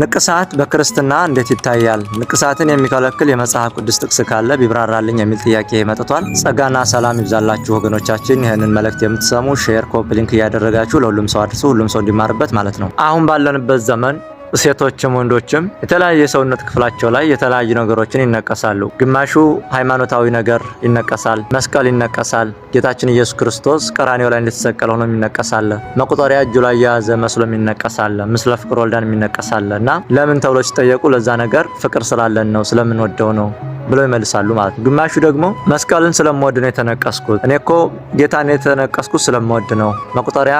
ንቅሳት በክርስትና እንዴት ይታያል? ንቅሳትን የሚከለክል የመጽሐፍ ቅዱስ ጥቅስ ካለ ቢብራራልኝ የሚል ጥያቄ መጥቷል። ጸጋና ሰላም ይብዛላችሁ ወገኖቻችን። ይህንን መልእክት የምትሰሙ ሼር፣ ኮፕሊንክ እያደረጋችሁ ለሁሉም ሰው አድርሱ፣ ሁሉም ሰው እንዲማርበት ማለት ነው። አሁን ባለንበት ዘመን ሴቶችም ወንዶችም የተለያየ የሰውነት ክፍላቸው ላይ የተለያዩ ነገሮችን ይነቀሳሉ። ግማሹ ሃይማኖታዊ ነገር ይነቀሳል፣ መስቀል ይነቀሳል። ጌታችን ኢየሱስ ክርስቶስ ቀራኔው ላይ እንደተሰቀለ ሆኖ ይነቀሳል። መቁጠሪያ እጁ ላይ የያዘ መስሎም ይነቀሳል። ምስለ ፍቅር ወልዳን ይነቀሳል። እና ለምን ተብሎ ሲጠየቁ ለዛ ነገር ፍቅር ስላለን ነው፣ ስለምንወደው ነው ብለው ይመልሳሉ ማለት ነው። ግማሹ ደግሞ መስቀልን ስለምወድ ነው የተነቀስኩት፣ እኔ እኮ ጌታን የተነቀስኩት ስለምወድ ነው፣ መቁጠሪያ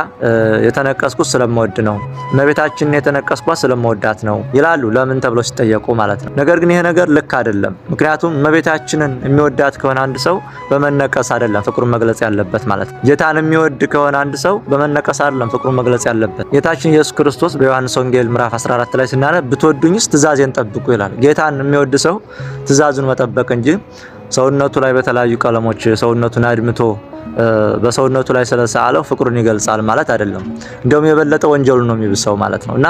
የተነቀስኩት ስለምወድ ነው፣ እመቤታችንን የተነቀስኳት ስለምወዳት ነው ይላሉ ለምን ተብለው ሲጠየቁ ማለት ነው። ነገር ግን ይሄ ነገር ልክ አይደለም። ምክንያቱም እመቤታችንን የሚወዳት ከሆነ አንድ ሰው በመነቀስ አይደለም ፍቅሩን መግለጽ ያለበት ማለት ነው። ጌታን የሚወድ ከሆነ አንድ ሰው በመነቀስ አይደለም ፍቅሩን መግለጽ ያለበት። ጌታችን ኢየሱስ ክርስቶስ በዮሐንስ ወንጌል ምዕራፍ 14 ላይ ስናነብ ብትወዱኝስ ትእዛዜን ጠብቁ ይላል። ጌታን የሚወድ ሰው ትእዛዙን መጠበቅ እንጂ ሰውነቱ ላይ በተለያዩ ቀለሞች ሰውነቱን አድምቶ በሰውነቱ ላይ ስለሰአለው ፍቅሩን ይገልጻል ማለት አይደለም። እንደውም የበለጠ ወንጀሉ ነው የሚብሰው ማለት ነው እና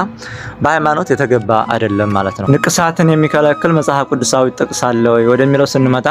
በሃይማኖት የተገባ አይደለም ማለት ነው። ንቅሳትን የሚከለክል መጽሐፍ ቅዱሳዊ ጥቅስ አለ ወይ ወደሚለው ስንመጣ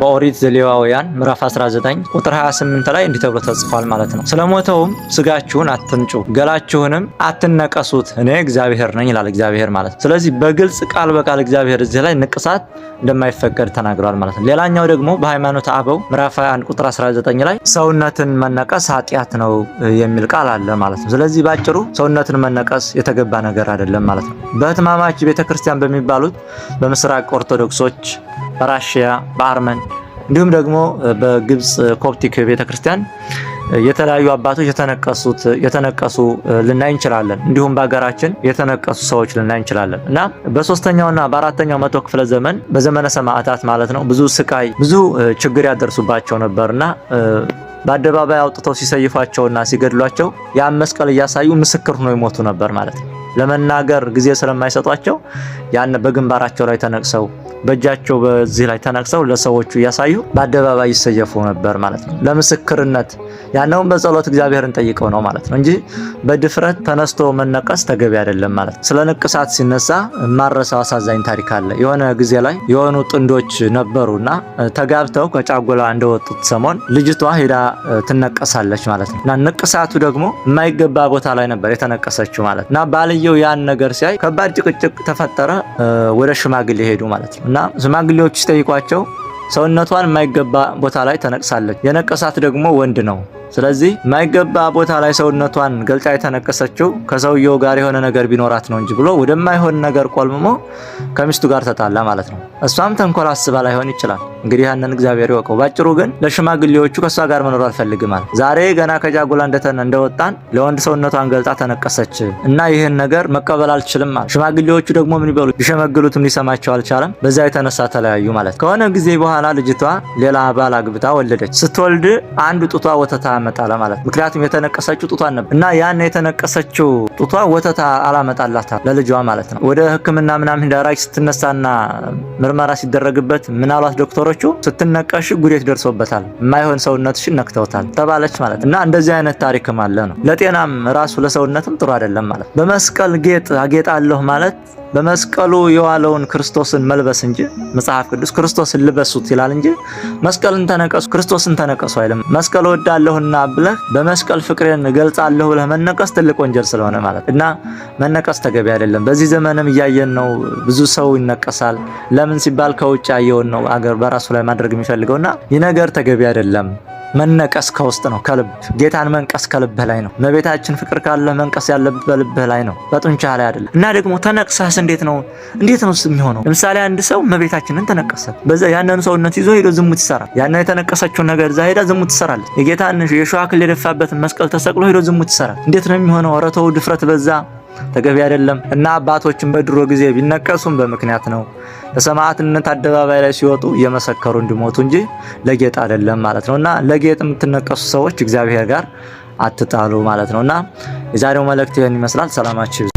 በኦሪት ዘሌዋውያን ምዕራፍ 19 ቁጥር 28 ላይ እንዲህ ተብሎ ተጽፏል ማለት ነው። ስለሞተውም ስጋችሁን አትንጩ፣ ገላችሁንም አትነቀሱት፣ እኔ እግዚአብሔር ነኝ ይላል እግዚአብሔር ማለት ነው። ስለዚህ በግልጽ ቃል በቃል እግዚአብሔር እዚህ ላይ ንቅሳት እንደማይፈቀድ ተናግሯል ማለት ነው። ሌላኛው ደግሞ በሃይማኖት አበው ምዕራፍ 21 ቁጥር 19 ላይ ሰውነትን መነቀስ ኃጢአት ነው የሚል ቃል አለ ማለት ነው። ስለዚህ ባጭሩ ሰውነትን መነቀስ የተገባ ነገር አይደለም ማለት ነው። በህትማማች ቤተክርስቲያን በሚባሉት በምስራቅ ኦርቶዶክሶች፣ በራሽያ፣ በአርመን እንዲሁም ደግሞ በግብፅ ኮፕቲክ ቤተክርስቲያን የተለያዩ አባቶች የተነቀሱት የተነቀሱ ልናይ እንችላለን። እንዲሁም በሀገራችን የተነቀሱ ሰዎች ልናይ እንችላለን እና በሶስተኛውና በአራተኛው መቶ ክፍለ ዘመን በዘመነ ሰማዕታት ማለት ነው ብዙ ስቃይ፣ ብዙ ችግር ያደርሱባቸው እና በአደባባይ አውጥተው ሲሰይፏቸውና ሲገድሏቸው ያን መስቀል እያሳዩ ምስክር ሆነው ይሞቱ ነበር ማለት ነው። ለመናገር ጊዜ ስለማይሰጧቸው ያን በግንባራቸው ላይ ተነቅሰው በእጃቸው በዚህ ላይ ተነቅሰው ለሰዎቹ እያሳዩ በአደባባይ ይሰየፉ ነበር ማለት ነው። ለምስክርነት ያነውን በጸሎት እግዚአብሔርን ጠይቀው ነው ማለት ነው እንጂ በድፍረት ተነስቶ መነቀስ ተገቢ አይደለም ማለት ነው። ስለ ንቅሳት ሲነሳ ማረሰው አሳዛኝ ታሪክ አለ። የሆነ ጊዜ ላይ የሆኑ ጥንዶች ነበሩና ተጋብተው ከጫጎላ እንደወጡት ሰሞን ልጅቷ ሄዳ ትነቀሳለች ማለት ነው። እና ንቅሳቱ ደግሞ የማይገባ ቦታ ላይ ነበር የተነቀሰችው ማለት ነው። እና ባልየው ያን ነገር ሲያይ ከባድ ጭቅጭቅ ተፈጠረ። ወደ ሽማግሌ ሄዱ ማለት ነው። እና ሽማግሌዎች ሲጠይቋቸው ሰውነቷን የማይገባ ቦታ ላይ ተነቅሳለች። የነቀሳት ደግሞ ወንድ ነው። ስለዚህ የማይገባ ቦታ ላይ ሰውነቷን ገልጫ የተነቀሰችው ከሰውየው ጋር የሆነ ነገር ቢኖራት ነው እንጂ ብሎ ወደማይሆን ነገር ቆልምሞ ከሚስቱ ጋር ተጣላ ማለት ነው። እሷም ተንኮል አስባ ላይሆን ይችላል። እንግዲህ ያንን እግዚአብሔር ይወቀው። ባጭሩ ግን ለሽማግሌዎቹ ከእሷ ጋር መኖር አልፈልግም ዛሬ ገና ከጃጉላ እንደወጣን ለወንድ ሰውነቷን ገልጣ ተነቀሰች እና ይህን ነገር መቀበል አልችልም አለ። ሽማግሌዎቹ ደግሞ ምን ይበሉ ቢሸመግሉትም ሊሰማቸው አልቻለም። በዛ የተነሳ ተለያዩ ማለት ከሆነ ጊዜ በኋላ ልጅቷ ሌላ ባል አግብታ ወለደች። ስትወልድ አንድ ጡቷ ወተታ አላመጣለ ማለት ምክንያቱም የተነቀሰችው ጡቷን ነበር እና ያን የተነቀሰችው ጡቷ ወተት አላመጣላታ ለልጇ ማለት ነው። ወደ ህክምና ምናምን ዳራጅ ስትነሳና ምርመራ ሲደረግበት ምናሏት ዶክተሮቹ ስትነቀሽ ጉዴት ደርሶበታል፣ የማይሆን ሰውነትሽን ነክተውታል ተባለች ማለት እና እንደዚህ አይነት ታሪክም አለ ነው። ለጤናም ራሱ ለሰውነትም ጥሩ አይደለም ማለት በመስቀል ጌጥ አጌጣለሁ ማለት በመስቀሉ የዋለውን ክርስቶስን መልበስ እንጂ መጽሐፍ ቅዱስ ክርስቶስን ልበሱት ይላል እንጂ መስቀልን ተነቀሱ ክርስቶስን ተነቀሱ አይልም። መስቀል ወዳለሁና ብለህ በመስቀል ፍቅሬን እገልጻለሁ ብለህ መነቀስ ትልቅ ወንጀል ስለሆነ ማለት እና መነቀስ ተገቢ አይደለም። በዚህ ዘመንም እያየን ነው። ብዙ ሰው ይነቀሳል። ለምን ሲባል ከውጭ ያየውን ነው አገር በራሱ ላይ ማድረግ የሚፈልገውና ይህ ነገር ተገቢ አይደለም። መነቀስ ከውስጥ ነው፣ ከልብ ጌታን መንቀስ ከልብህ ላይ ነው። መቤታችን ፍቅር ካለ መንቀስ ያለብህ በልብህ ላይ ነው፣ በጡንቻ ላይ አይደለም። እና ደግሞ ተነቅሰህስ እንዴት ነው እንዴት ነው የሚሆነው? ለምሳሌ አንድ ሰው መቤታችንን ተነቀሰ። በዛ ያንን ሰውነት ይዞ ሄዶ ዝሙት ይሰራል። ያንን የተነቀሰችውን ነገር እዛ ሄዳ ዝሙት ትሰራለች። የጌታን የሸዋ የደፋበትን መስቀል ተሰቅሎ ሄዶ ዝሙት ይሰራል። እንዴት ነው የሚሆነው? ኧረ ተው ድፍረት በዛ ተገቢ አይደለም እና አባቶችን በድሮ ጊዜ ቢነቀሱም በምክንያት ነው። ለሰማዕትነት አደባባይ ላይ ሲወጡ እየመሰከሩ እንዲሞቱ እንጂ ለጌጥ አይደለም ማለት ነው እና ለጌጥ የምትነቀሱ ሰዎች እግዚአብሔር ጋር አትጣሉ ማለት ነው እና የዛሬው መልእክት ይህን ይመስላል። ሰላማችሁ